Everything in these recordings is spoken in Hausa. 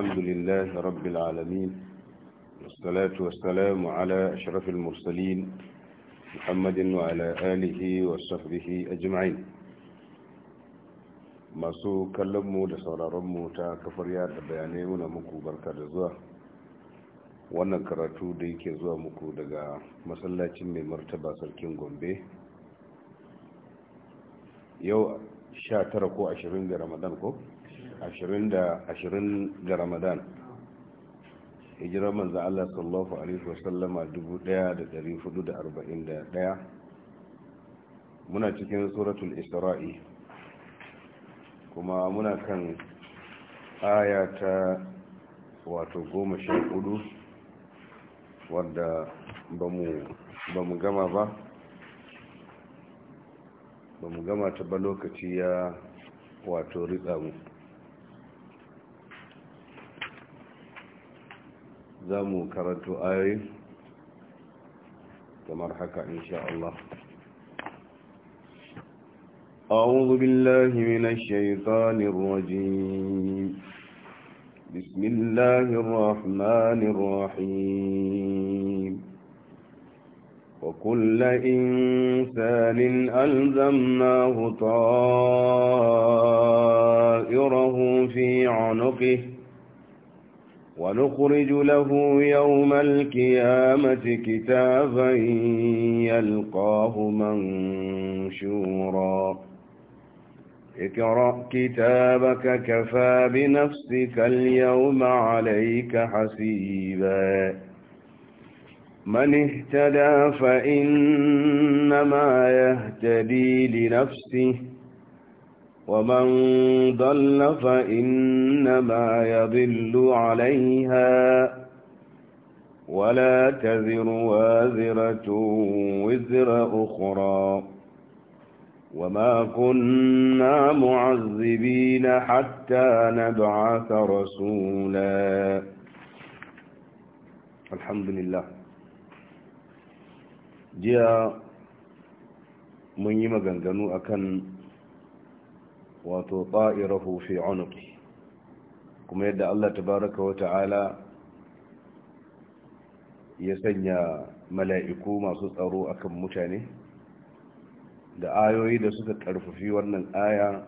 الحمد لله رب العالمين والصلاة والسلام على أشرف المرسلين محمد وعلى آله وصحبه أجمعين masu kallonmu da sauraronmu ta kafar yada bayanai muna muku barka da zuwa wannan karatu da yake zuwa muku daga masallacin mai martaba sarkin gombe yau sha tara ko 20 ga ramadan ko ashirin da ramadan hijirar manzan Allah sallallahu Alaihi wasallama 1441 muna cikin suratul isra'i kuma muna kan aya ta wato goma sha hudu wadda ba mu gama ba ba mu gama ta ba lokaci ya wato ritsa mu za mu karanto تمرحك ان شاء الله أعوذ بالله من الشيطان الرجيم بسم الله الرحمن الرحيم وكل إنسان ألزمناه طائره في عنقه ونخرج له يوم القيامة كتابا يلقاه منشورا اقرأ كتابك كفى بنفسك اليوم عليك حسيبا من اهتدى فإنما يهتدي لنفسه ومن ضل فإنما يضل عليها ولا تذر وازرة وزر أخرى وما كنا معذبين حتى نبعث رسولا الحمد لله جاء من يمغنغنو أكن wato ta'irahu fi unuqi kuma yadda Allah tabaraka wa ta'ala ya sanya mala'iku masu tsaro akan mutane da ayoyi da suka karfafi wannan aya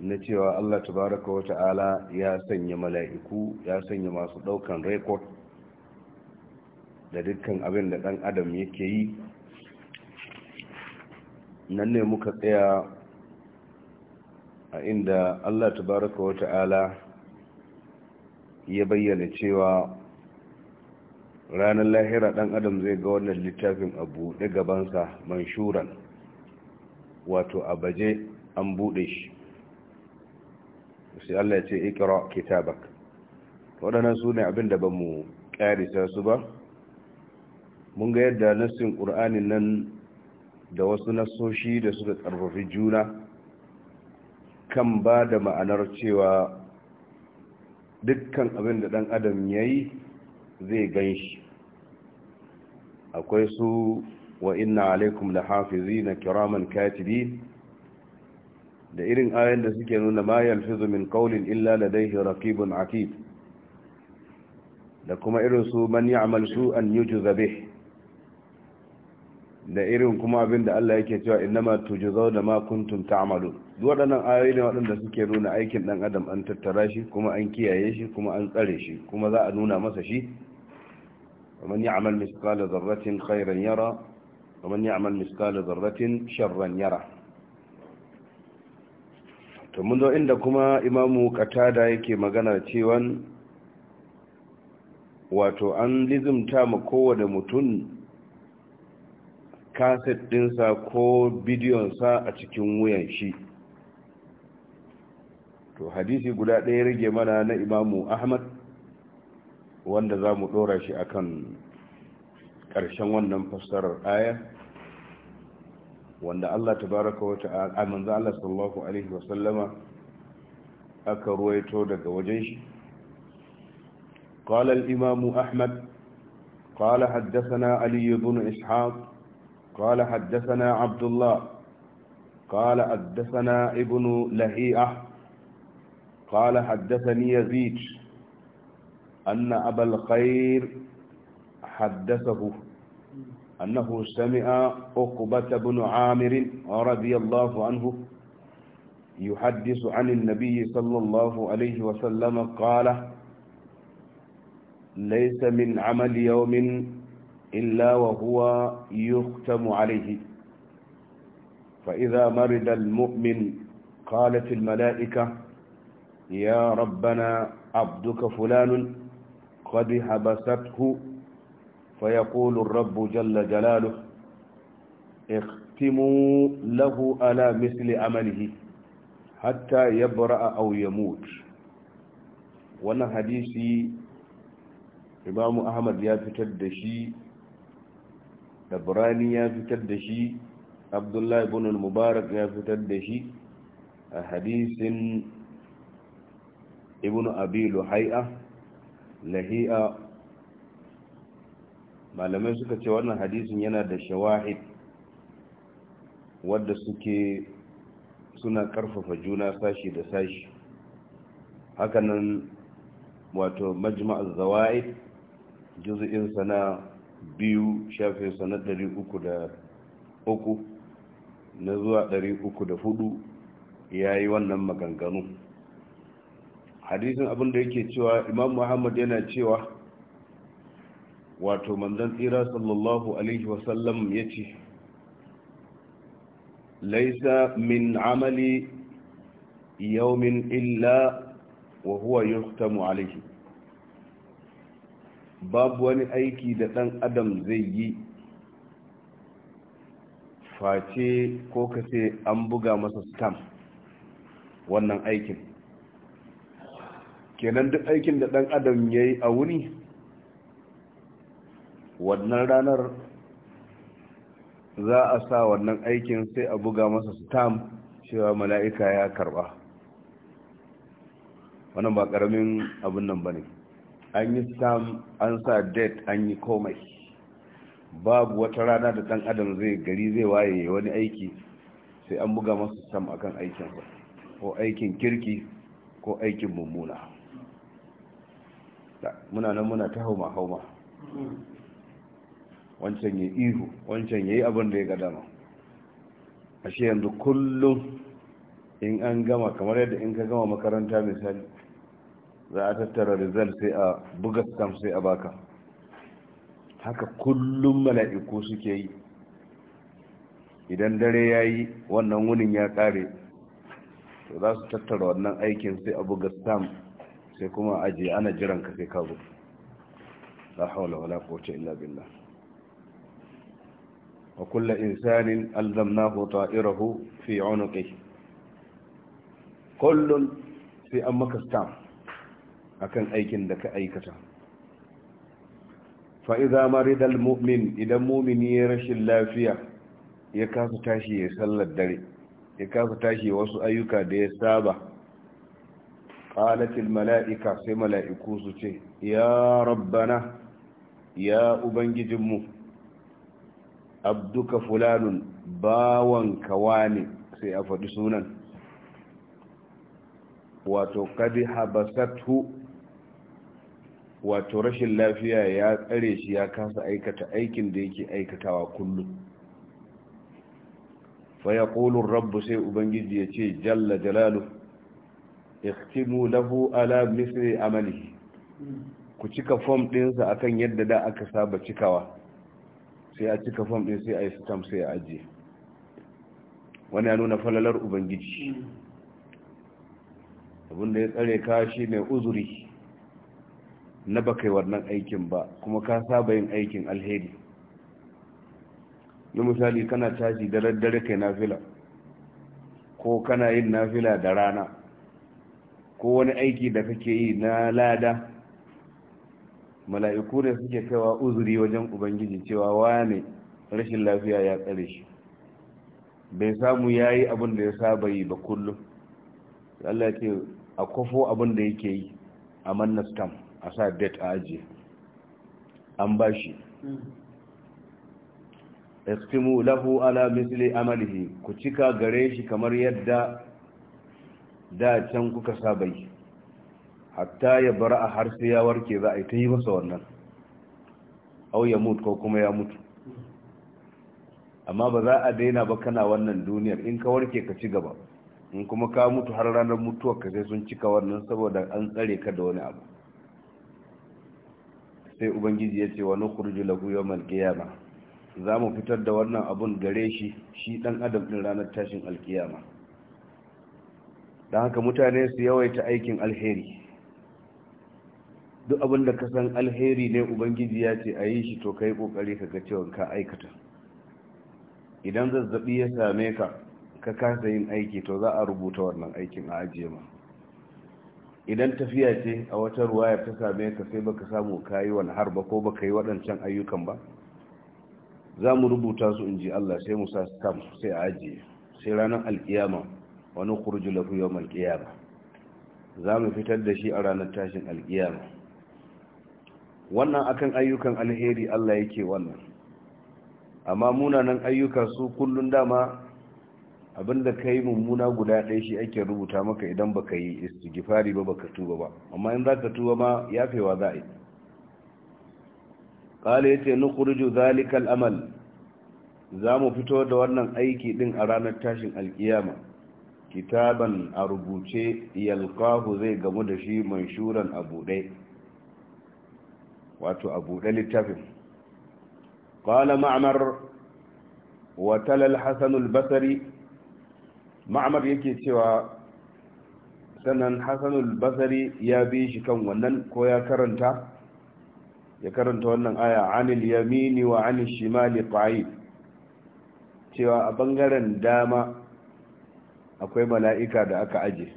na cewa Allah tabaraka wa ta'ala ya sanya mala'iku ya sanya masu ɗaukan rekod da dukkan abin da dan adam yake yi nan ne muka tsaya a inda Allah tabaraka wa ta'ala ya bayyana cewa ranar lahira ɗan adam zai ga wannan littafin a buɗe gabansa manshuran wato a baje an buɗe shi sai Allah ya ce ikira kitabak waɗannan su ne abin da ba mu ƙarisa su ba mun ga yadda nassin ƙur'anin nan da wasu nassoshi da suka ƙarfafi juna kan ba da ma'anar cewa dukkan abin da ɗan adam ya yi zai gan shi akwai su wa inna alaikum da hafizi na kiraman katibi da irin ayan da suke nuna ma yalfizu min qawlin illa ladayhi raqibun atid da kuma irin su man ya'mal su'an yujza da irin kuma abin da Allah yake cewa ma tujzau da ma kuntum ta'malun duk waɗannan ayoyi ne waɗanda suke nuna aikin dan adam an tattara shi kuma an kiyaye shi kuma an tsare shi kuma za a nuna masa shi ومن يعمل مثقال ذرة خيرا يرى ومن يعمل مثقال ذرة شرا يرى to mun zo inda kuma imamu katada yake magana cewa wato an lizimta ma kowane mutum kaset ɗinsa ko bidiyonsa a cikin wuyan shi to hadisi guda ɗaya rage mana na imamu ahmad wanda za mu ɗora shi akan ƙarshen wannan fassarar aya wanda allah tabaraka wata amin za allah sallallahu alaihi wa sallama aka ruwaito daga wajen shi قال الإمام أحمد قال حدثنا علي بن إسحاق قال حدثنا عبد الله قال حدثنا ابن لهيئة قال حدثني يزيد أن أبا الخير حدثه أنه سمع عقبة بن عامر رضي الله عنه يحدث عن النبي صلى الله عليه وسلم قال ليس من عمل يوم إلا وهو يختم عليه فإذا مرض المؤمن قالت الملائكة يا ربنا عبدك فلان قد حبسته فيقول الرب جل جلاله اختموا له على مثل عمله حتى يبرأ أو يموت وانا حديثي إمام أحمد يا فتد شيء tabrani ya fitar da shi abdullahi ibn mubarak ya fitar da shi a hadisin ibn abi luhai'a lahi'a malamai suka ce wannan hadisin yana da shawahid wadda suke suna karfafa juna sashi da sashi hakanan wato majma'ar zawa'id juzu'insa na biyu shafin sa na ɗari uku da uku na zuwa ɗari uku da hudu ya yi wannan maganganu hadisin abin da yake cewa imam muhammad yana cewa wato manzan tsira sallallahu alaihi wasallam ya ce laisa min amali yaumin illa wa huwa yuhtamu alaihi babu wani aiki da ɗan adam zai yi face ko kace an buga masa stamp wannan aikin kenan duk aikin da ɗan adam ya yi a wuni wannan ranar za a sa wannan aikin sai a buga masa stamp cewa mala'ika ya karba wannan ba ƙaramin abin nan ba ne an yi sam an sa date an yi komai babu wata rana da dan adam zai gari zai waye wani aiki sai an buga masa sam akan aikin, ko aikin kirki ko aikin mummuna muna nan muna ta hauma hauma wancan ya ihu wancan ya yi abin da ya ga dama ashe yanzu kullum in an gama kamar yadda in ka gama makaranta misali za a tattara result sai a buga stamp sai a baka haka kullum mala'iku suke yi idan dare ya yi wannan wunin ya kare to za su tattara wannan aikin sai a buga stamp sai kuma ajiye ana jiran ka sai kago la haula wala quwwata illa billah wa kullu insanin alzamnahu ta'irahu fi 'unuqihi kullun sai an maka stamp akan aikin da ka aikata fa'iza maridal mu'min idan mumini ya rashin lafiya ya kasa tashi ya sallar dare ya kasa tashi wasu ayyuka da ya saba ƙalatil mala'ika sai mala'iku su ce ya rabbana ya ubangijinmu abduka fulanun bawan kawane sai a faɗi sunan wato kadi habasathu wato rashin lafiya ya tsare shi ya kasa aikata aikin da yake aikatawa kullum faya ƙolin rabu sai ubangiji ya ce jalla jalalu ikhtimu lahu ala misri amali ku cika fom ɗinsa akan yadda da aka saba cikawa sai a cika fom ɗin sai a yi stamp sai a ajiye wani ya nuna falalar ubangiji abinda ya tsare ka shi ne uzuri na bakai wannan aikin ba kuma ka saba yin aikin alheri na misali kana tashi da daddare kai nafila ko kana yin nafila da rana ko wani aiki da kake yi na lada mala'iku ne suke kaiwa uzuri wajen ubangiji cewa wane rashin lafiya ya tsare shi bai samu ya yi abin da ya saba yi ba kullum Allah ce a kwafo abin da yake yi a mannastam a sa date a ajiye an ba shi lahu ala misli amalihi ku cika gare shi kamar yadda da can kuka sabai hatta ya bara a har sai ya warke za a yi ta yi masa wannan au ya mutu ko kuma ya mutu amma ba za a daina ba kana wannan duniyar in ka warke ka ci gaba in kuma ka mutu har ranar mutuwar ka sai sun cika wannan saboda an tsare ka da wani abu sai ubangiji ya ce wa nukhriju lagu yau malkiyama za mu fitar da wannan abun gare shi shi dan adam din ranar tashin alkiyama don haka mutane su yawaita aikin alheri duk abin da ka san alheri ne ubangiji ya ce a yi shi to kai kokari ka ga cewa ka aikata idan zazzabi ya same ka ka kasa yin aiki to za a rubuta wannan aikin a ajiye ma idan tafiya ce a wata ruwaya ta same ka sai baka samu kayi wani har ba ko baka yi waɗancan ayyukan ba za mu rubuta su in ji Allah sai mu sa stamp sai a ajiye sai ranar alkiyama wani kurji lafi yau malkiyama za mu fitar da shi a ranar tashin alkiyama wannan akan ayyukan alheri Allah yake wannan amma munanan ayyuka su kullun dama abinda ka yi mummuna guda ɗaya shi ake rubuta maka idan ba ka yi istighfari ba ba ka tuba ba amma in za ka tuba ma yafewa za a yi qala yace nukhruju zalikal amal za mu fito da wannan aiki ɗin a ranar tashin alkiyama kitaban a rubuce yalqahu zai gamu da shi manshuran abu dai wato abu dai littafin qala ma'mar wa talal hasan al ma'amar yake cewa sannan hasanul basari ya bi shi kan wannan ko ya karanta ya karanta wannan aya anil yamini wa anil shimali qa'id cewa a bangaren dama akwai mala'ika da aka aje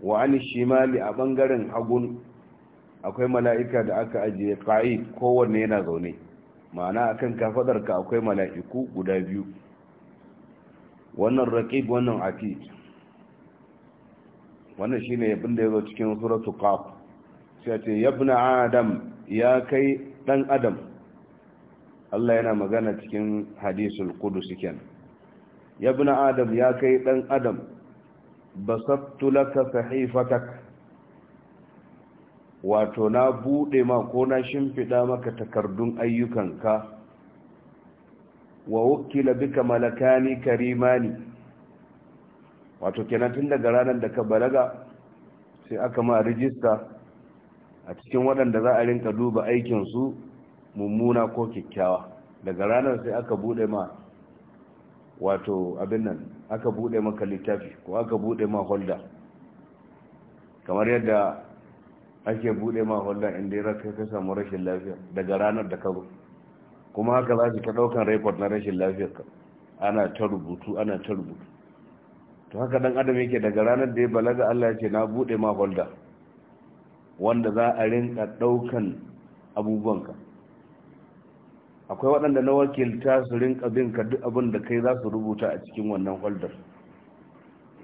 wa anil shimali a bangaren hagun akwai mala'ika da aka aje qa'id kowanne yana zaune ma'ana akan kafadarka akwai mala'iku guda biyu wannan raqib wannan atid wannan shine abin da yazo cikin suratul qaf sai ce yabna adam ya kai dan adam Allah yana magana cikin hadisul qudusi kenan yabna adam ya kai ɗan adam basattu laka sahifatak wato na bude ma ko na shimfiɗa maka takardun ayyukanka wa wukila bika malakani karimani wato kenan tun daga ranar da ka balaga sai aka ma rijista a cikin waɗanda za a rinka duba aikinsu mummuna ko kyakkyawa daga ranar sai aka bude ma wato abin nan aka bude maka littafi ko aka bude ma holda kamar yadda ake bude ma holda inda ya kasa samu rashin lafiya daga ranar da ka kuma haka za su ta ɗaukan na rashin lafiyarka ana ta rubutu ana ta rubutu to haka dan adam yake daga ranar da ya balaga Allah ya ce na buɗe ma holda wanda za a rinka ɗaukan abubuwanka akwai waɗanda na wakilta su rinka bin ka duk abin da kai za su rubuta a cikin wannan holdar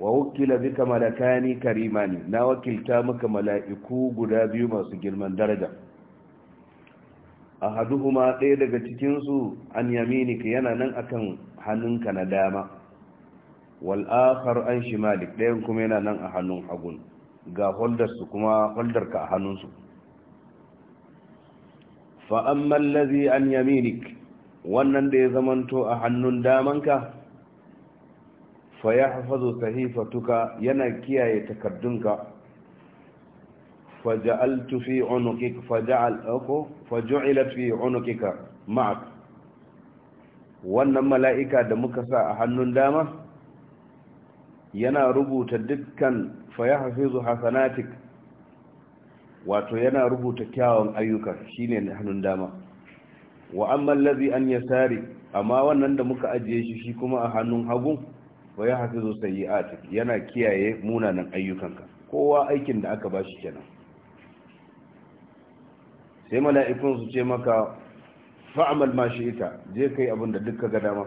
wa wakila bika malakani karimani na wakilta maka mala'iku guda biyu masu girman daraja ahaduhuma ɗaya daga cikinsu an ka yana nan akan hannunka na dama wal akhar an shimalik ɗayan kuma yana nan a hannun hagun ga holdarsu kuma holdarka a hannunsu fa amma allazi an yaminik wannan da ya zamanto a hannun damanka fa yahfazu sahifatuka yana kiyaye takardunka فجعلت في عنقك فجعل فجعلت في عنقك معك wannan mala'ika da muka sa a hannun dama yana rubuta dukkan faya hafizu hasanatik wato yana rubuta kyawun ayyuka shine na hannun dama wa amma lazi an yasari amma wannan da muka ajiye shi shi kuma a hannun hagu wa ya hafizu Atik, yana kiyaye munanan ayyukanka kowa aikin da aka bashi kenan sai mala'ikun su ce maka fa'amal ma shi ita je kai abin da duk ga dama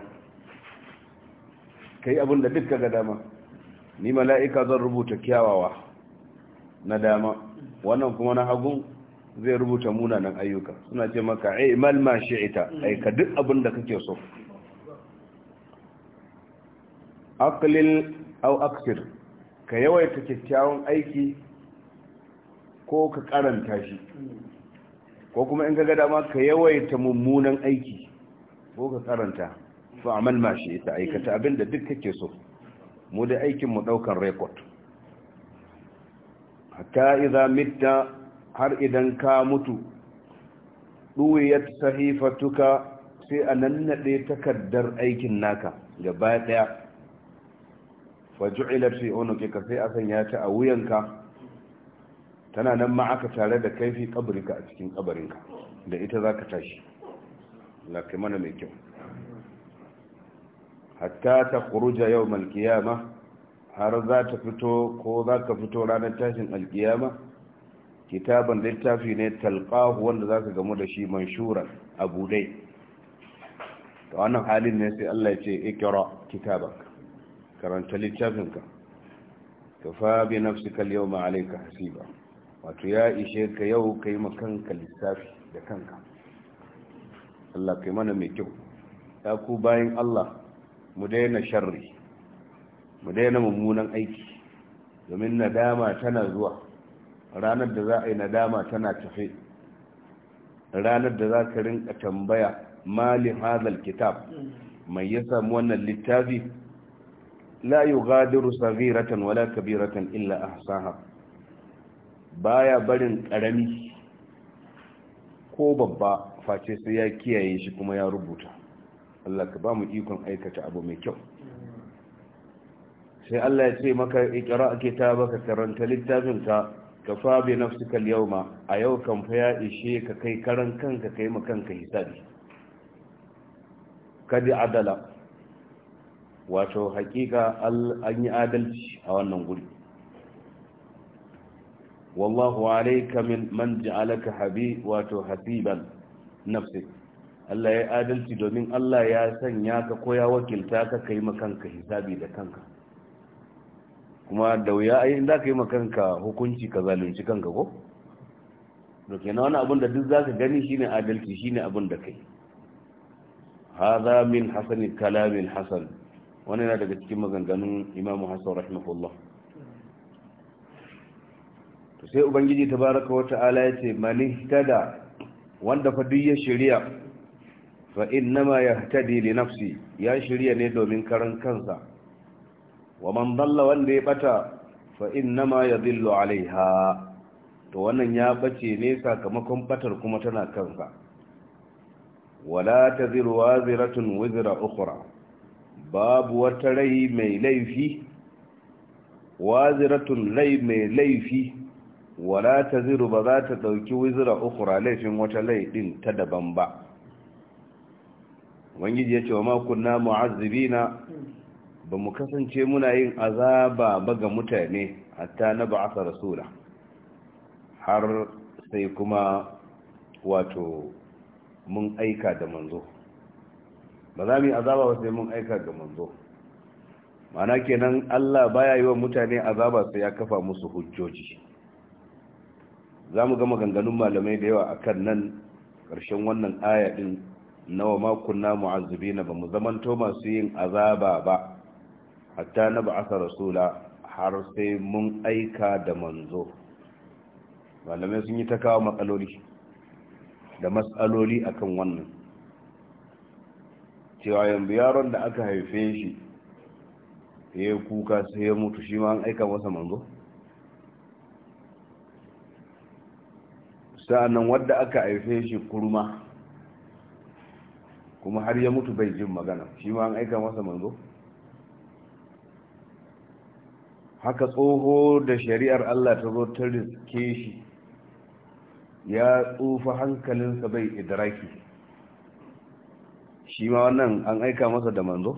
kai abin da dukka ga dama ni mala'ika zan rubuta kyawawa na dama wannan kuma na hagun zai rubuta munanan ayyuka suna ce maka imal ma shi ita aika duk abin da kake so aklil au aksir ka yawaita kyakkyawan aiki ko ka karanta shi ko kuma in ka ga dama ka yawaita mummunan aiki ko ka karanta fa amal ma shi ta aikata abinda duk kake so mu da aikin mu daukan record hatta idza mitta har idan ka mutu duwiyat sahifatuka sai a nade takaddar aikin naka gaba daya faju'ilat fi unuka sai asan ya ta a wuyanka tana nan ma aka tare da kaifi kabarinka a cikin kabarinka da ita za ka tashi lafi mana mai kyau hatta ta kuruja yau malkiyama har za ta fito ko za ka fito ranar tashin alkiyama kitaban littafi ne talqahu wanda za ka gamu da shi manshura a budai ta wannan halin ne sai allah ya ce ikira kitabanka karanta littafinka ka fa bi nafsika yau ma hasiba wato ya ishe ka yau ka yi makanka lissafi da kanka Allah kai mana mai kyau ya ku bayan Allah mu daina sharri mu daina mummunan aiki domin nadama tana zuwa ranar da za a yi nadama tana tafe ranar da za ka rinka tambaya mali hazal kitab mai ya samu wannan littafi la yughadiru saghiratan wala kabiratan illa ahsaha baya barin ƙarami ko babba face sai ya kiyaye shi kuma ya rubuta Allah ka ba mu ikon aikata abu mai kyau sai Allah ya ce maka ikira ake ta baka karanta littafin ka ka fa bi nafsika al-yawma a yau kan fa ya ishe ka kai karan kanka kai ma kanka hisabi kadi adala wato hakika an yi adalci a wannan guri wallahu alayka min man ja'alaka habi wato hasiban nafsi Allah ya adalci domin Allah ya sanya ka koya wakilta ka kai makanka hisabi da kanka kuma da wuya ai in za ka yi makanka hukunci ka zalunci kanka ko da kenan wani abunda duk za ka gani shine adalci shine abin da kai hadha min hasan kalam hasan wannan yana daga cikin maganganun Imam Hassan rahimahullah sai ubangiji ta baraka ta'ala ya ce mani tada wanda fa ya shirya nama ya yahtadi li nafsi ya shirya ne domin karan kansa wa man Balla wanda ya bata nama ya zillo alaiha to wannan ya bace ne sakamakon batar kuma tana kansa wala taziru waziratun wizra ukura. babu wata rai mai laifi waziratun rai mai laifi wala ta ziru ba za ta ɗauki wizira ukura laifin wata laifin ta daban ba wangiji ya ce wa makunna na ba mu kasance muna yin azaba ba ga mutane hatta na ba'asa rasula har sai kuma wato mun aika da manzo ba za mu yi azaba ba sai mun aika ga manzo mana kenan Allah baya yi wa mutane azaba sai ya kafa musu hujjoji za mu ga maganganun malamai da yawa a kan nan ƙarshen wannan aya ɗin nawa makunna mu'azzubi na ba mu zamanto masu yin azaba ba hatta na ba'asa rasula har sai mun aika da manzo malamai sun yi ta kawo matsaloli da matsaloli a kan wannan cewa yanzu yaron da aka haife shi ya yi kuka sai ya mutu shi ma an aika masa manzo sa'annan wadda aka haife shi kurma kuma har ya mutu bai jin magana shi ma an aika masa manzo haka tsoho da shari'ar Allah ta zo ta riske shi ya tsufa hankalinsa bai idraki shi ma wannan an aika masa da manzo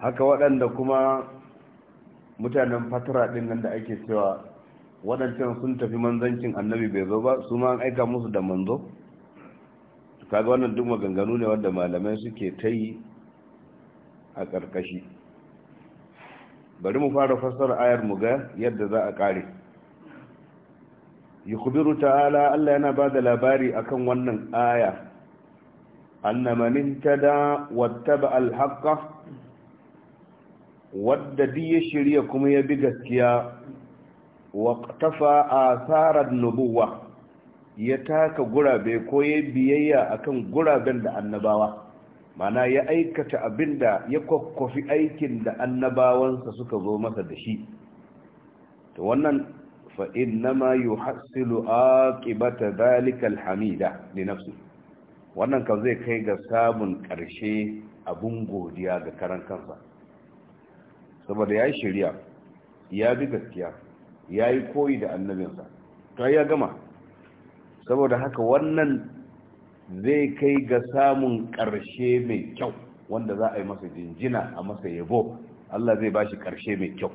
haka waɗanda kuma mutanen fatara ɗin nan da ake cewa waɗancan sun tafi manzancin annabi bai zo ba su ma an aika musu da manzo kaga wannan duk maganganu ne wanda malamai suke ta yi a ƙarƙashi bari mu fara fassara ayar mu ga yadda za a ƙare yukhbiru ta'ala Allah yana ba da labari akan wannan aya annama min tada wattaba alhaqqa Wadda wadda ya shirya kuma ya bi gaskiya a asarar nubuwa ya taka gurabe ko ya biyayya akan guraben da annabawa mana ya aikata abin da ya kwakwafi aikin da annabawansa suka zo masa da shi Ta wannan fa innama yuhassilu aqibata Hamida ne na nafsi wannan kan zai kai ga samun ƙarshe abun godiya ga karan kansa saboda ya shirya ya bi gaskiya ya yi koyi da annabinsa ta ya gama saboda haka wannan zai kai ga samun ƙarshe mai kyau wanda za a yi masa jinjina a masa yabo Allah zai bashi ƙarshe mai kyau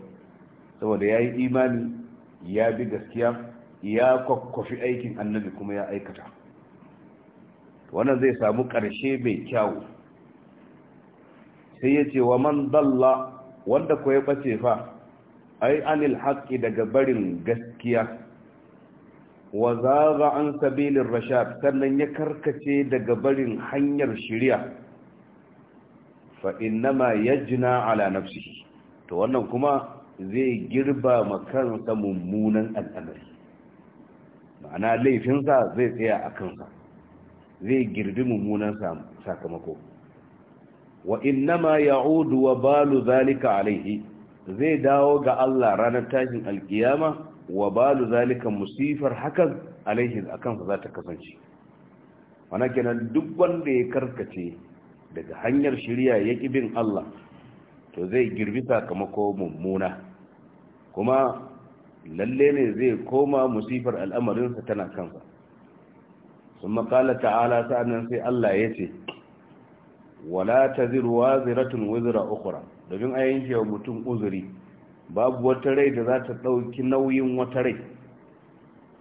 saboda ya yi imani ya bi gaskiya ya kwakwafi aikin annabi kuma ya aikata wannan zai samu ƙarshe mai kyau sai ya ce wa man dalla wanda ko ya ɓace fa ai anil haqqi daga barin gaskiya wa zaga an sabilin rashad sannan ya karkace daga barin hanyar shirya fa innama yajna ala nafsihi to wannan kuma zai girba makansa mummunan al'amari ma'ana laifinsa zai tsaya a kansa zai girbi mummunan sakamako wa innama ya'udu wa balu zalika alaihi zai dawo ga Allah ranar tashin alkiyama wa balu zalika musifar hakan alaihi akansa sa za ta kasance wana kenan duk wanda ya karkace daga hanyar shirya ya bin Allah to zai girbi sakamako mummuna kuma lalle ne zai koma musifar al'amarinsa tana kansa sun makala ta'ala sa'annan sai Allah ya ce wala ta ziruwa ziratun wizira ukura domin a yanke wa mutum uzuri babu wata rai da za ta ɗauki nauyin wata rai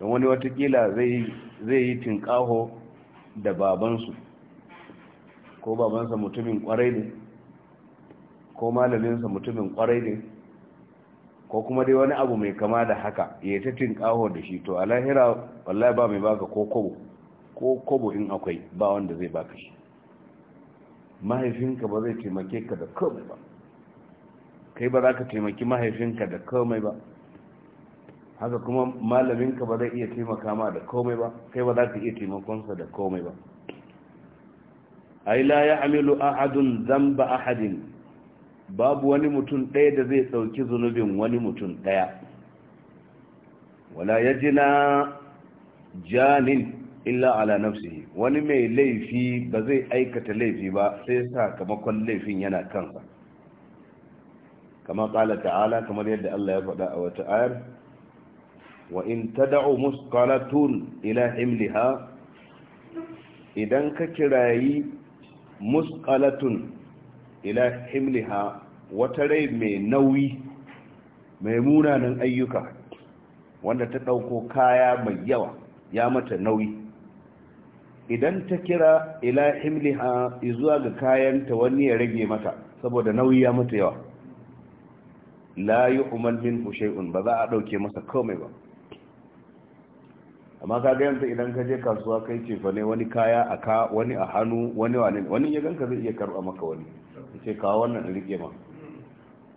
don wani watakila zai yi tinkaho da babansu ko babansa mutumin kwarai ne ko malaminsa mutumin kwarai ne ko kuma dai wani abu mai kama da haka ya ta tinkaho da shi to a lahira wallahi ba mai baka ko kobo ko kobo in akwai ba wanda zai baka shi mahaifinka ba zai taimake ka da kobo ba kai ba za ka taimaki mahaifinka da komai ba haka kuma malaminka ba zai iya taimaka ma da komai ba kai ba za ka iya taimakonsa da komai ba ai la ya amilu ahadun zamba ahadin babu wani mutum ɗaya da zai ɗauki zunubin wani mutum ɗaya wala ya jina janin illa ala nafsi wani mai laifi ba zai aikata laifi ba sai sakamakon laifin yana kansa kama kala ta'ala kamar yadda Allah ya faɗa a wata ayar wa in tad'u musqalatun ila himliha idan ka kirayi muskalatun ila himliha wata rai mai nauyi mai munanan ayyuka wanda ta ɗauko kaya mai yawa ya mata nauyi idan ta kira ila himliha izuwa ga kayanta wani ya rage mata saboda nauyi ya mata yawa la yu'mal min shay'un ba za a dauke masa komai ba amma ka ga yanzu idan ka je kasuwa kai ce fa ne wani kaya a ka wani a hannu wani wani wani ya ganka zai iya karba maka wani sai kawo wannan rike ma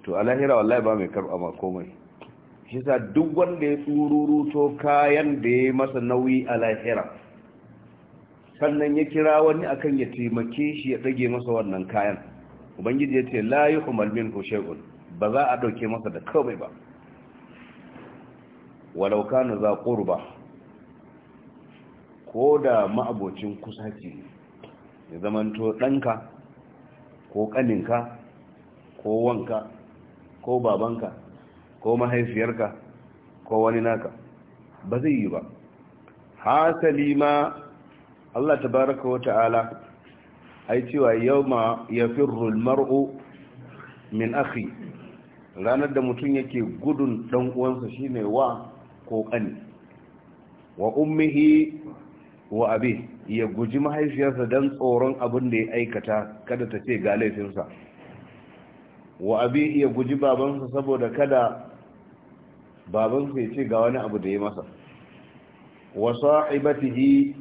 to a lahira wallahi ba mai karba ma komai shi sa duk wanda ya to kayan da ya masa nauyi a lahira sannan ya kira wani akan ya taimake shi ya dage masa wannan kayan ubangiji ya ce la yuhmal min shay'un ba za a dauke masa da kawai ba walau kanu za qurba ko da ma'abocin kusa kusaci ya zamanto ɗanka ko ƙaninka ko wanka ko babanka ko mahaifiyarka ko wani naka ba zai yi ba hasali ma Allah ta baraka wa ta'ala ai cewa ma ya al-mar'u min akhi ranar da mutum yake gudun dan uwansa shine wa ko kani wa ummihi wa abi ya guji mahaifiyarsa dan tsoron abin da ya aikata kada ta ce ga laifinsa wa abi ya guji babansa saboda kada babansa ya ce ga wani abu da ya masa wa sahibatihi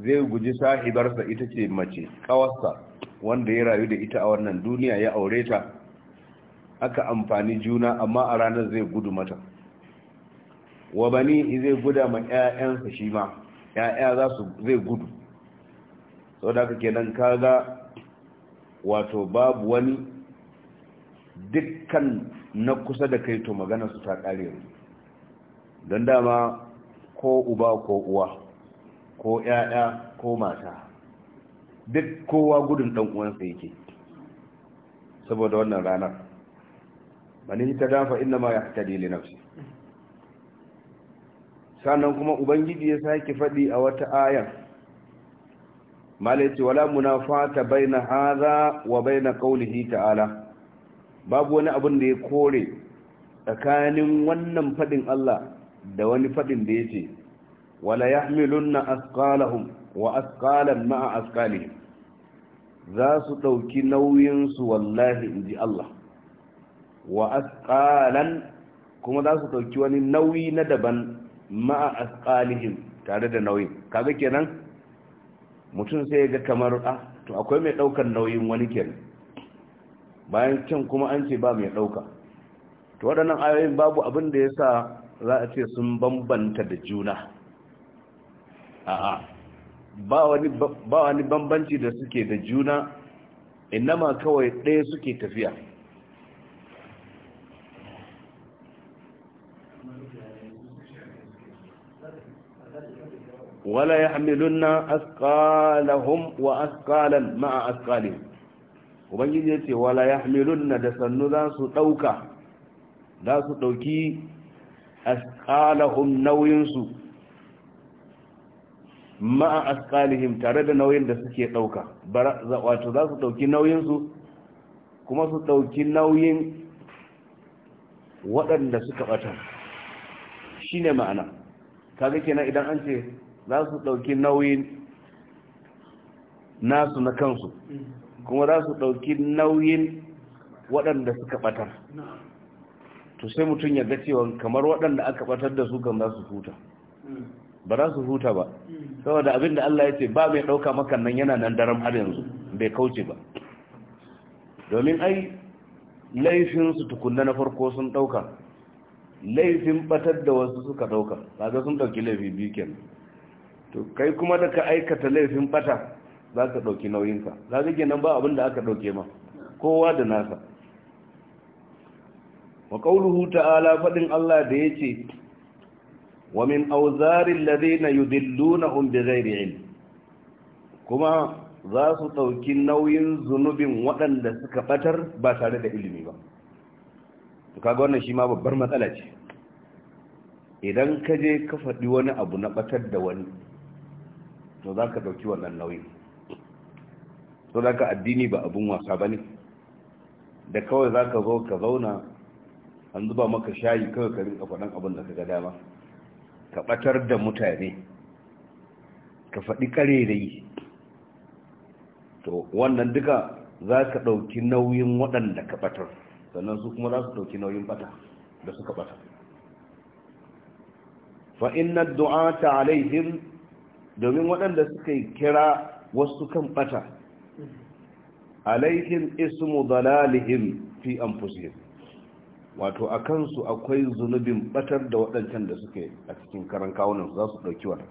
zai guji sahibarsa ita ce mace kawarsa wanda ya rayu da ita a wannan duniya ya aure ta aka amfani juna amma a ranar zai gudu mata wa bani zai guda ma 'ya'yansa shi ma 'ya'ya za su zai gudu sau da aka kenan kaga wato babu wani dukkan na kusa da kai to magana su ta kare don dama ko uba ko uwa ko 'ya'ya ko mata duk kowa gudun ɗan uwansa yake saboda wannan ranar man ihtada fa inna ma yahtadi li nafsi sannan kuma ubangiji ya sake faɗi a wata aya malaiti wala munafata baina hadha wa baina qawlihi ta'ala babu wani abin da ya kore tsakanin wannan faɗin Allah da wani faɗin da yace wala yahmilunna asqalahum wa asqalan ma'a asqalihim za su ɗauki nauyinsu wallahi inji Allah wa asqalan kuma za su dauki wani nauyi na daban ma'a asqalihim tare da nauyin kaga kenan mutum sai ya ga kamar ah to akwai mai ɗaukar nauyin wani kenan bayan can kuma an ce ba mai dauka to waɗannan ayoyin babu abin da yasa za a ce sun bambanta da juna a'a ba wani bambanci da suke da juna inama kawai ɗaya suke tafiya wala yahmilunna asqalahum wa asqalan ma'a asqalihim ubangiji yace wala yahmilunna da sannu za su dauka za su dauki asqalahum nauyin su ma'a asqalihim tare da nauyin da suke dauka wato za su dauki nauyin kuma su dauki nauyin waɗanda suka bata shine ma'ana kaga kenan idan an ce za su ɗauki nauyin nasu na kansu kuma za su ɗauki nauyin waɗanda suka ɓatar to sai mutum ya ga cewa kamar waɗanda aka ɓatar da su kan za su huta ba za su huta ba saboda abinda Allah ya ce ba mai ɗauka makan nan yana nan daren har yanzu bai kauce ba domin ai laifinsu tukunna na farko sun ɗauka laifin ɓatar da wasu suka ɗauka kaga sun ɗauki laifi biyu kenan to kai kuma da ka aikata laifin bata za ka ɗauki nauyinka za ka kenan ba abinda aka ɗauke ma kowa da nasa wa ƙauluhu ta'ala faɗin Allah da ya ce wa min auzarin ladina yudilluna hum umbe ghairi kuma za su ɗauki nauyin zunubin waɗanda suka ɓatar ba tare da ilimi ba to kaga wannan shi ma babbar matsala ce idan ka je ka faɗi wani abu na ɓatar da wani to za ka ɗauki wannan nauyin, so da ka addini ba abin wasa ba ne da kawai za ka zo ka zauna an zuba maka shayi kawai ka rinka faɗin abin da ka ga dama ka ɓatar da mutane ka faɗi ƙare da yi. to wannan duka za ka ɗauki nauyin waɗanda ka ɓatar sannan su kuma za su ɗauki nauyin ɓata da suka ɓata fa'inar du'ata alaihim domin waɗanda suka yi kira wasu kan ɓata alaihin ismu dalalihim fi anfusihim wato a kansu akwai zunubin ɓatar da waɗancan da suke a cikin karan kawunan za su ɗauki wata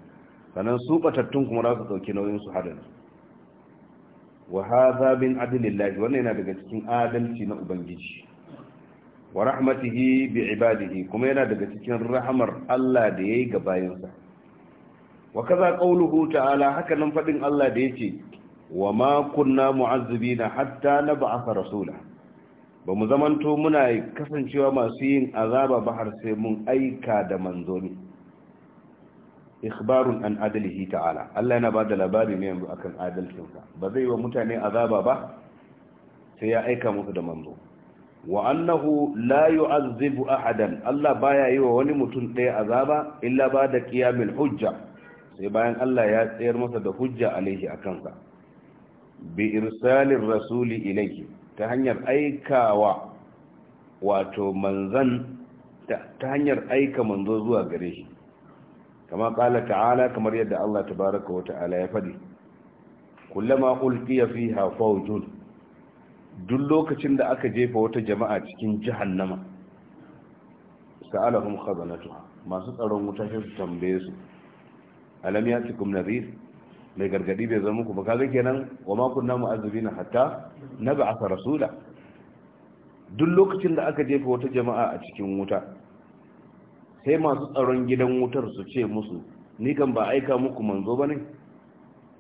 sannan su ɓatattun kuma za su ɗauki nauyin su hadin wa hadha min adlillahi wannan yana daga cikin adalci na ubangiji wa rahmatihi bi ibadihi kuma yana daga cikin rahamar Allah da yayi ga bayansa wa kaza qauluhu ta'ala haka nan fadin Allah da yake wa ma kunna mu'azzibina hatta nab'atha rasula ba mu zamanto muna kasancewa masu yin azaba ba har sai mun aika da manzo ne ikhbarun an adalihi ta'ala Allah yana bada labari ne akan adalcinsa ba zai wa mutane azaba ba sai ya aika musu da manzo wa annahu la yu'azzibu ahadan Allah baya yi wa wani mutum ɗaya azaba illa ba da qiyamil hujja sai bayan Allah ya tsayar masa da hujja alaihi a kansa bi irsalin rasuli ilaihi ta hanyar aikawa wato manzan ta hanyar aika manzo zuwa gare shi kama kala ta'ala kamar yadda Allah tabaraka wa ta'ala ya faɗi kullama ulqiya fiha fawjun duk lokacin da aka jefa wata jama'a cikin jahannama sa'alahum khazanatuha masu tsaron wuta sai su tambaye su alam ya cikum nazir mai gargadi bai zama muku ba kaga kenan wa ma kunna mu'azzibina hatta nab'atha rasula duk lokacin da aka jefa wata jama'a a cikin wuta sai masu tsaron gidan wutar su ce musu ni kan ba aika muku manzo bane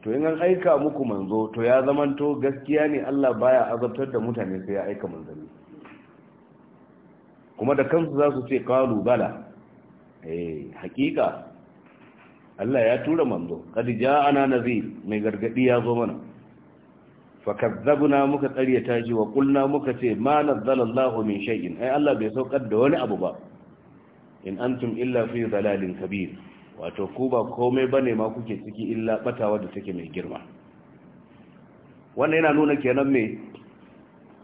to in an aika muku manzo to ya zamanto gaskiya ne Allah baya azabtar da mutane sai ya aika manzanni kuma da kansu za su ce qalu bala eh hakika Allah ya tura manzo kad ja'ana nazi mai gargadi ya zo mana fakazzabna muka ƙaryata shi wa qulna muka ce ma nazzalallahu min shay'in ai Allah bai saukar da wani abu ba in antum illa fi dalalin kabir wato ku ba komai bane ma kuke ciki illa batawa da take mai girma wannan yana nuna kenan me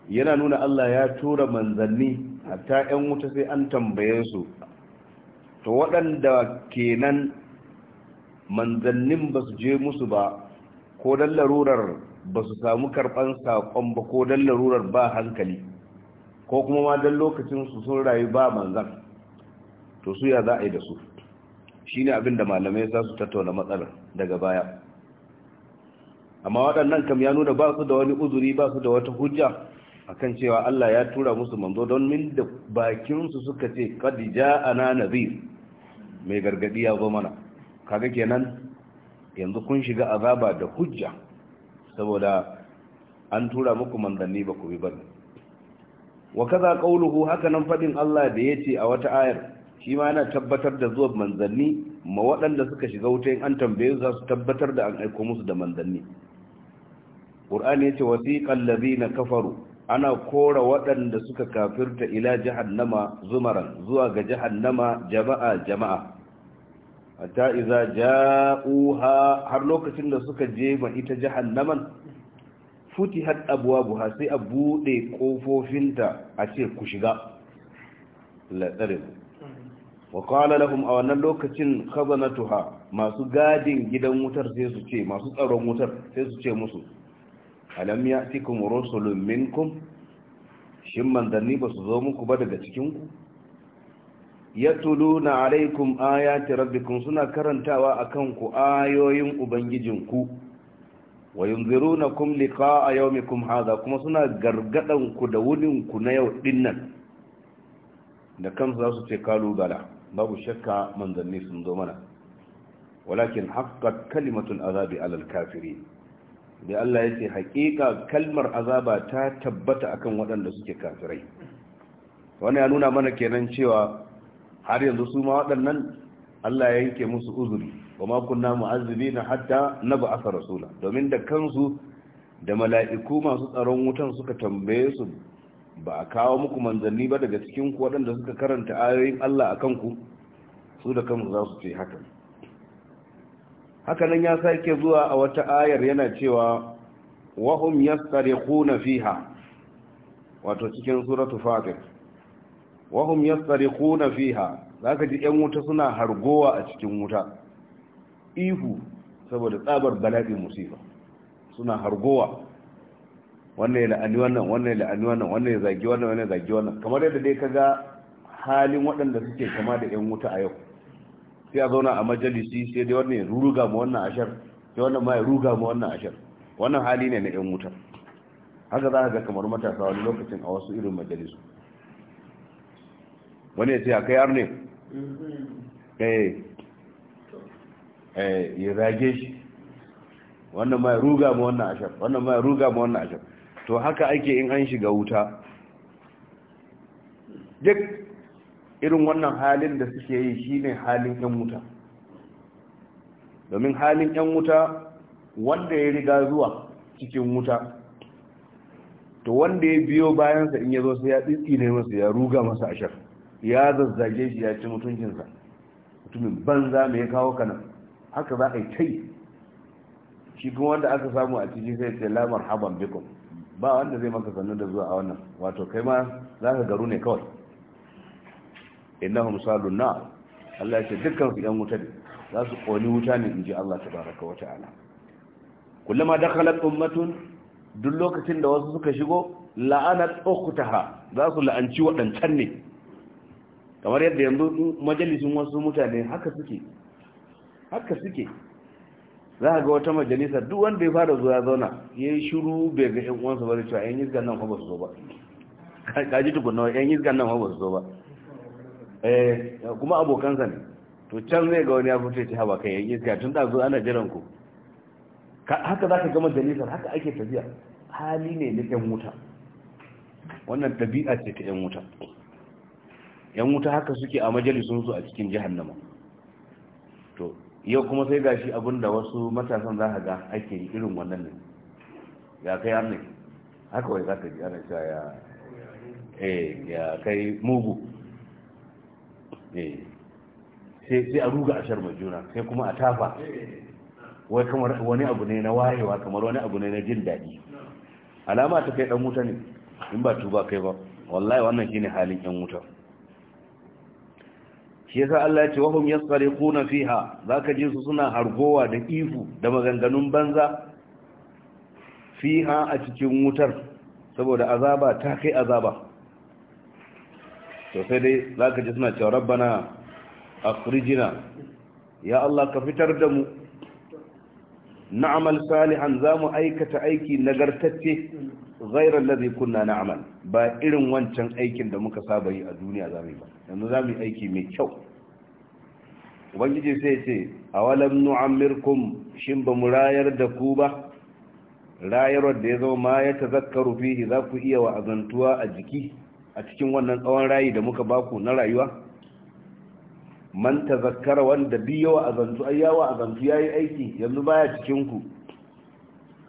yana nuna Allah ya tura manzanni hatta ƴan wuta sai an tambaye su to waɗanda kenan manzannin ba su je musu ba ko don larurar ba su samu karban sakon ba ko don larurar ba hankali ko kuma ma don lokacin su sun rayu ba manzan to su ya za a yi da su shi ne abinda malamai za su tattauna matsalar daga baya amma waɗannan kam ya nuna ba su da wani uzuri ba su da wata hujja akan cewa Allah ya tura musu manzo don min da bakinsu suka ce kadija ja'ana nazir mai gargadi ya zo mana kaga kenan yanzu kun shiga azaba da hujja saboda an tura muku manzanni ba ku bi ba wa kaza qauluhu haka nan fadin Allah da ya ce a wata ayar shi ma yana tabbatar da zuwa manzanni ma waɗanda suka shiga wuta in an tambaye za su tabbatar da an aiko musu da manzanni Qur'ani yace wasiqal ladina kafaru ana kora waɗanda suka kafirta ila jahannama zumaran zuwa ga jahannama jama'a jama'a hatta iza ja'uha har lokacin da suka je ma ita jahannaman futihat abwabuha sai a bude kofofinta a ce ku shiga la tsare wa qala lahum a wannan lokacin khazanatuha masu gadin gidan wutar sai su ce masu tsaron wutar sai su ce musu alam ya'tikum rusulun minkum shin manzanni ba su zo muku ba daga cikinku yatuluna alaikum ayati rabbikum suna karantawa akan ku ayoyin ubangijinku wa yunzirunakum liqa'a yawmikum hadha kuma suna gargadan ku da wunin ku na yau dinnan da kansu zasu ce kalu gala babu shakka manzanni sun zo mana walakin haqqat kalimatul azabi alal kafirin da Allah yace haƙiƙa kalmar azaba ta tabbata akan waɗanda suke kafirai wannan ya nuna mana kenan cewa har yanzu su ma waɗannan Allah ya yanke musu uzuri wa ma kunna mu'azzibina hatta nab'atha rasula domin da kansu da mala'iku masu tsaron wutan suka tambaye su ba a kawo muku manzanni ba daga cikin ku waɗanda suka karanta ayoyin Allah a kanku su da kansu za su ce hakan hakanan ya sake zuwa a wata ayar yana cewa wahum yastarikhuna fiha wato cikin suratu fatiha wahum yastarikuna fiha zaka ji yan wuta suna hargowa a cikin wuta ihu saboda tsabar bala'i musiba suna hargowa wannan ya la'ani wannan wannan ya la'ani wannan wannan ya zagi wannan wannan ya zagi wannan kamar yadda dai kaga halin waɗanda suke kama da yan wuta a yau sai a zauna a majalisi sai dai wannan ya ruga mu wannan ashar sai wannan ma ya ruga mu wannan ashar wannan hali ne na yan wuta haka za ka ga kamar matasa wani lokacin a wasu irin majalisu wani ya ce a kai ne mm-hmm. eh. eh, ya rage shi wannan ma ya ruga ma wannan ashar wannan ma ya ruga ma wannan ashar to haka ake in an shiga wuta duk irin wannan halin da suke yi shi ne halin yan wuta domin halin yan wuta wanda ya riga zuwa cikin wuta to wanda ya biyo bayansa in ya zo sai ya tsitsi ne masu ya ruga masa ashar ya zazzage shi ya ci mutuncinsa mutumin banza mai kawo kana haka za a yi cai shi kuma wanda aka samu a ciki sai ce lamar haban bikon ba wanda zai maka sannu da zuwa a wannan wato kai ma za ka garu ne kawai innahum salun na Allah ya ce dukkan su yan wuta ne za su koni wuta ne in ji Allah Ta baraka wa ta'ala kullama dakhalat ummatun duk lokacin da wasu suka shigo la'anat ukhtaha za su la'anci wadancan ne kamar yadda yanzu majalisun wasu mutane haka suke haka suke za a ga wata majalisa duk wanda ya fara zuwa zauna ya yi shiru bai ga yan uwansa ba da cewa yan yizgan nan ba su zo ba kaji tukunna yan yizgan nan ba su zo ba eh, kuma abokansa ne to can zai ga wani ya fito ce haba kai yan yizga tun da zo ana jiran ku haka za ka ga majalisa haka ake tafiya hali ne na yan wuta wannan ɗabi'a ce ta yan wuta yan wuta haka suke a majalisunsu a cikin jahannama to yau kuma sai gashi abin da wasu matasan za ka ga ake yi irin wannan ne ya kai an haka wai za ka ji ana cewa ya eh, ya kai mugu eh, sai a ruga a shar juna sai kuma a tafa wai kamar wani abu ne na wayewa kamar wani abu ne na jin daɗi alama ta kai ɗan wuta ne in ba tuba kai ba wallahi wannan shine halin yan wuta shi yasa Allah ya ce wahum yasariquna fiha zaka ji su suna hargowa da ifu da maganganun banza fiha a cikin wutar saboda azaba ta kai azaba to sai dai zaka ji suna cewa rabbana akhrijna ya Allah ka fitar da mu na'amal salihan zamu aikata aiki nagartacce ghairar ladai kunna na na'mal ba irin wancan aikin da muka saba yi a duniya zamu ba yanzu zamu aiki mai kyau ubangiji sai ce awalam nu'ammirkum shin ba mu rayar da ku ba rayar da ya zama ma ya tazakkaru fihi za ku iya wa'azantuwa a jiki a cikin wannan tsawon rayi da muka baku na rayuwa man tazakkara wanda biyo wa'azantu ai ya wa'azantu yayi aiki yanzu baya cikin ku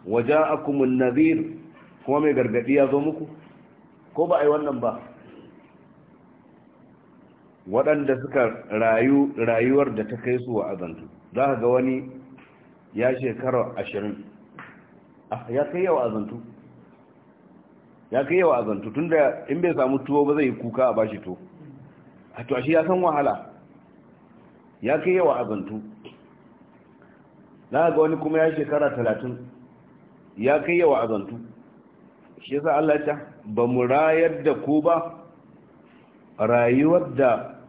waja'akumun nadhir kuma mai gargadi ya zo muku ko ba a yi wannan ba waɗanda suka rayu rayuwar da ta kai su wa azantu za ka ga wani ya shekara ashirin ah, ya kai yawa azantu ya kai yawa azantu tun da in bai samu tuwo ba zai yi kuka a bashi to a to ashe ya san wahala ya kai yawa azantu za ka ga wani kuma ya shekara talatin ya kai yawa azantu shi yasa Allah ya ba mu rayar da ku ba rayuwar da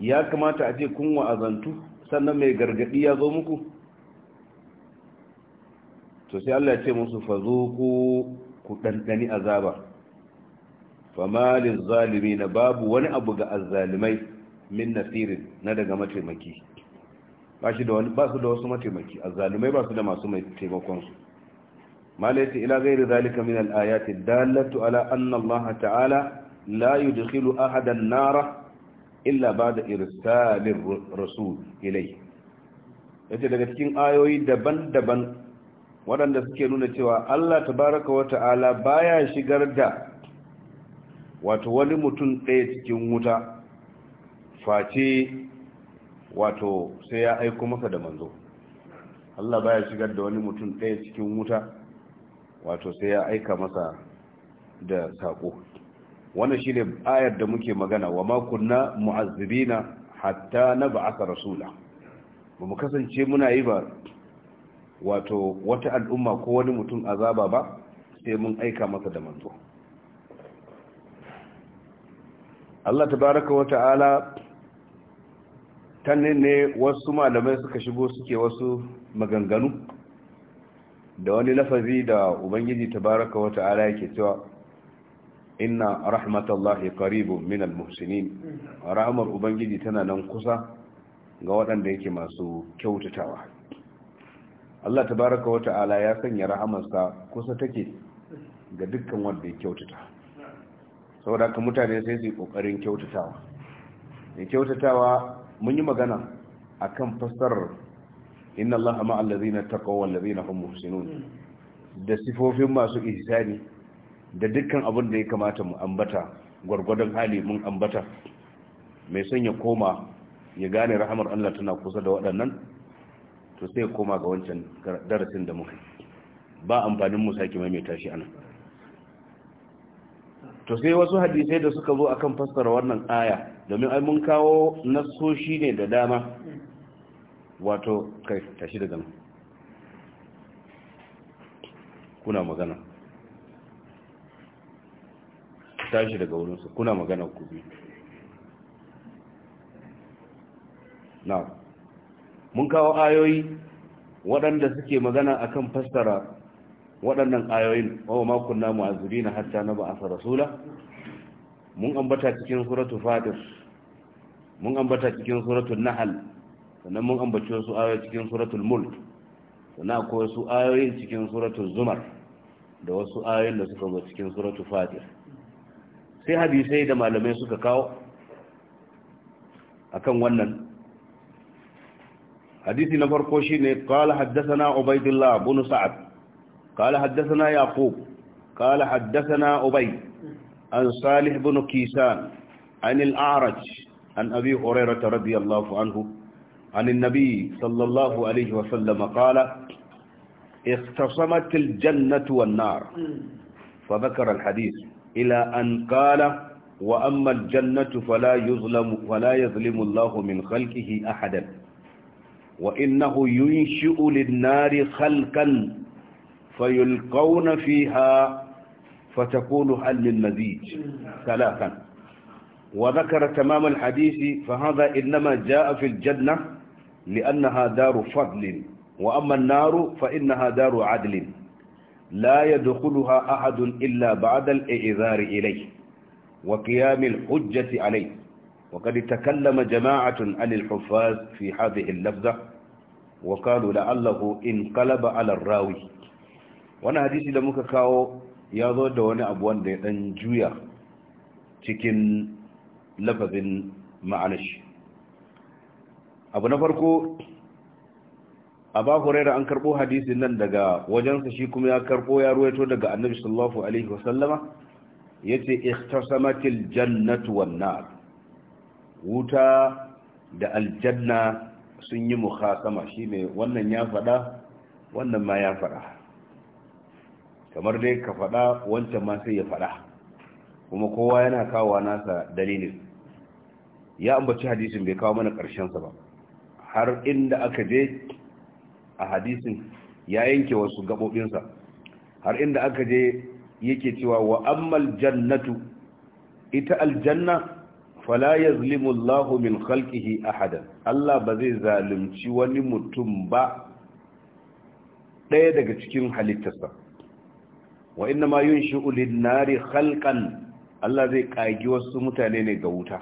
ya kamata a ce kun wa'azantu sannan mai gargadi ya zo muku to sai Allah ya ce musu fazuku ku dandani azaba zalimi na babu wani abu ga azzalimai min nasirin na daga mataimaki ba su da wasu mataimaki azzalimai ba su da masu mai taimakonsu ما ليس إلى غير ذلك من الآيات الدالة على أن الله تعالى لا يدخل أحد النار إلا بعد إرسال الرسول إليه yace daga cikin ayoyi daban-daban waɗanda suke nuna cewa Allah tabaraka wa ta'ala baya shigar da wato wani mutum ɗaya cikin wuta face wato sai ya aiko masa da manzo Allah baya shigar da wani mutum ɗaya cikin wuta wato sai ya aika masa da saƙo wannan shi ne ayar da muke magana wa makunna mu'azzibina hatta na ba'aka rasula ba mu kasance muna yi ba wato wata al'umma ko wani mutum azaba ba sai mun aika masa da manzo Allah tabaraka wa ta'ala tannin ne wasu malamai suka shigo suke wasu maganganu da wani lafazi da ubangiji tabaraka wa ta'ala yake cewa inna rahmatallahi min minal muhsinin rahmar ubangiji tana nan kusa ga waɗanda yake masu kyautatawa Allah tabaraka wa ta'ala ya sanya rahamarsa kusa take ga dukkan wanda ya kyautata saboda haka mutane sai su yi kokarin kyautatawa ya kyautatawa mun yi magana akan fassarar inna allaha ma'al ladina taqaw wal ladina hum muhsinun da sifofin masu ihsani da dukkan abin da ya kamata mu ambata gwargwadon hali mun ambata mai son ya koma ya gane rahamar Allah tana kusa da waɗannan to sai koma ga wancan darasin da muka ba amfanin mu mai maimaita shi anan to sai wasu hadisai da suka zo akan fassara wannan aya domin ai mun kawo nasoshi ne da dama wato kai tashi daga nan kuna magana tashi daga wurinsu kuna magana ku bi na mun kawo ayoyi waɗanda suke magana akan fassara waɗannan ayoyin wa makon namu na hatta na ba'asa rasula mun ambata cikin suratul fatir mun ambata cikin suratul nahal sannan mun ambaci wasu ayoyi cikin suratul mulk sannan akwai wasu ayoyin cikin suratul zumar da wasu ayoyin da suka zo cikin suratul fatir sai hadisai da malamai suka kawo akan wannan hadisi na farko shine qala haddathana ubaydullah ibn sa'ad qala haddathana yaqub qala haddathana ubay an salih ibn kisan an al-a'raj an abi hurairah radiyallahu anhu عن النبي صلى الله عليه وسلم قال اختصمت الجنة والنار فذكر الحديث إلى أن قال وأما الجنة فلا يظلم, فلا يظلم الله من خلقه أحدا وإنه ينشئ للنار خلقا فيلقون فيها فتكون هل من مزيج ثلاثا وذكر تمام الحديث فهذا إنما جاء في الجنة لأنها دار فضل وأما النار فإنها دار عدل لا يدخلها أحد إلا بعد الإعذار إليه وقيام الحجة عليه وقد تكلم جماعة عن الحفاظ في هذه اللفظة وقالوا لعله انقلب على الراوي وانا حديثي لمكا كاو kawo ya zo da أنجويا abu wanda ya abu na farko a aba huraira an karbo hadisin nan daga wajensa shi kuma ya karbo ya ruwaito daga annabi sallallahu alaihi wasallama yace ikhtasamatil jannatu wan nar wuta da aljanna sun yi mukhasama shine wannan ya fada wannan ma ya fada kamar dai ka fada wancan ma sai ya fada kuma kowa yana kawo nasa dalilin ya ambaci hadisin bai kawo mana karshen sa ba har inda aka je a hadisin ya yanke wasu gabobinsa har inda aka je yake cewa wa ammal jannatu ita aljanna fala yazlimu Allahu min khalqihi ahadan Allah ba zai zalunci wani mutum ba ɗaya daga cikin halittarsa wa inna ma yunshi'u lin-nari khalqan Allah zai kagi wasu mutane ne ga wuta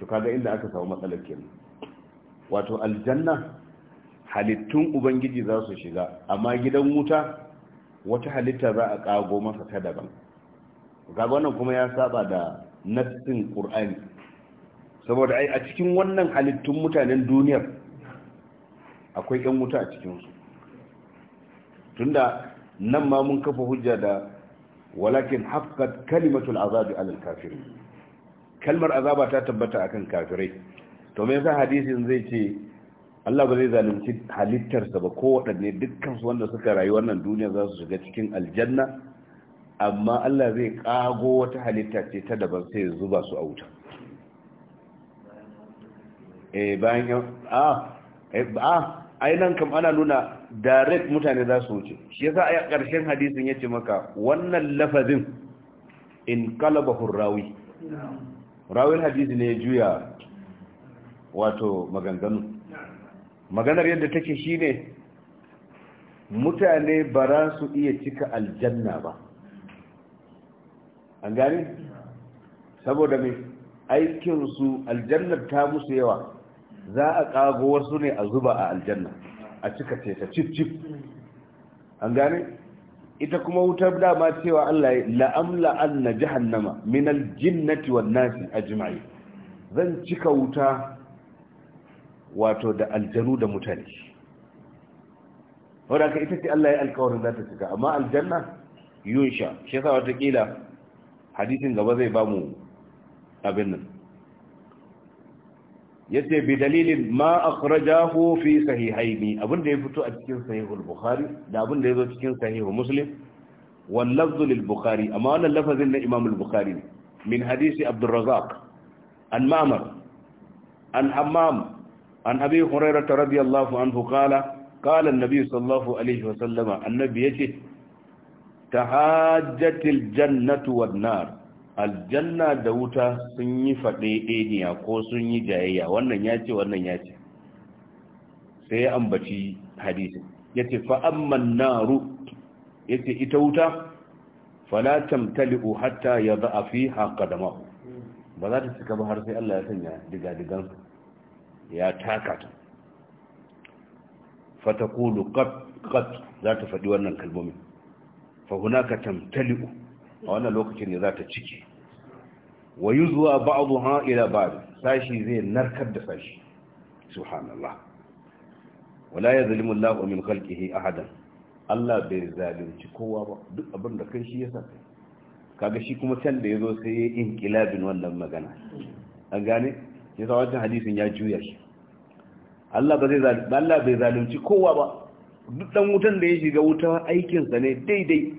to kaga inda aka samu matsalar kenan wato aljanna halittun ubangiji za su shiga amma gidan wuta wata halitta za a kago masa ta daban gaba wannan kuma ya saba da nassin qur'ani saboda ai a cikin wannan halittun mutanen duniyar akwai yan wuta a cikinsu tunda nan ma mun kafa hujja da walakin haqqat kalimatul azabi alal kafirin kalmar azaba ta tabbata akan kafirai to me yasa hadisin zai ce Allah ba zai zalunci halittarsa ba ko waɗanne dukkan su wanda suka rayu wannan duniya za su shiga cikin aljanna amma Allah zai kago wata halitta ce ta daban sai ya zuba su a wuta eh bayan ya a eh, a ai nan kam ana nuna direct mutane za su wuce shi yasa a ƙarshen hadisin yace maka wannan lafazin in qalaba rawi rawin hadisi ne ya juya wato maganganu maganar yadda take shine mutane ba za su iya cika aljanna ba an gane saboda mai aikinsu aljannar ta musu yawa za a ƙago wasu ne a zuba a aljanna a cika ta cip cip an gane ita kuma wutar dama cewa Allah ya la'amla na jahannama min aljinnati wan nasi ajma'i zan cika wuta wato da aljanu da mutane wadda ka ita ce Allah ya alkawarin za ta shiga, amma aljanna yunsha shi yasa watakila hadisin gaba zai ba mu abin nan ya ce bi dalilin ma akhrajahu fi sahihaini abin ya fito a cikin sahihul bukhari da abinda ya zo cikin sahihul muslim wal lafzu bukhari amma wannan lafazin na imamul bukhari ne min hadisi Abdulrazak, an mamar an hamam an abi hurairah radiyallahu anhu kala. Kala an-nabi sallallahu alaihi wa sallama annabi yace tahajjatil jannatu wan nar aljanna da wuta sun yi faɗe ɗeniya ko sun yi jayayya wannan ya ce wannan ya ce sai ya ambaci hadisi. ya ce fa'amman naru ya ce ita wuta falatan tali'u hatta ya za'a fi haƙa da ba za ta cika ba har sai Allah ya sanya diga digadigansa ya taka ta fatakulu kat za ta faɗi wannan kalmomin fa hunaka tamtali'u a wannan lokacin ne za ta cike wa yuzwa ba'dha ila ba'd sashi zai narkar da sashi subhanallah wala yazlimu Allahu min khalqihi ahadan Allah bai zalunci kowa ba duk abin da kai shi yasa sa. kaga shi kuma can da ya zo sai ya yi inkilabin wannan magana an gane ya sa wancan hadisin ya juya shi Allah ba zai zalunci Allah bai zalunci kowa ba duk dan wutan da ya shiga wuta aikinsa sa ne daidai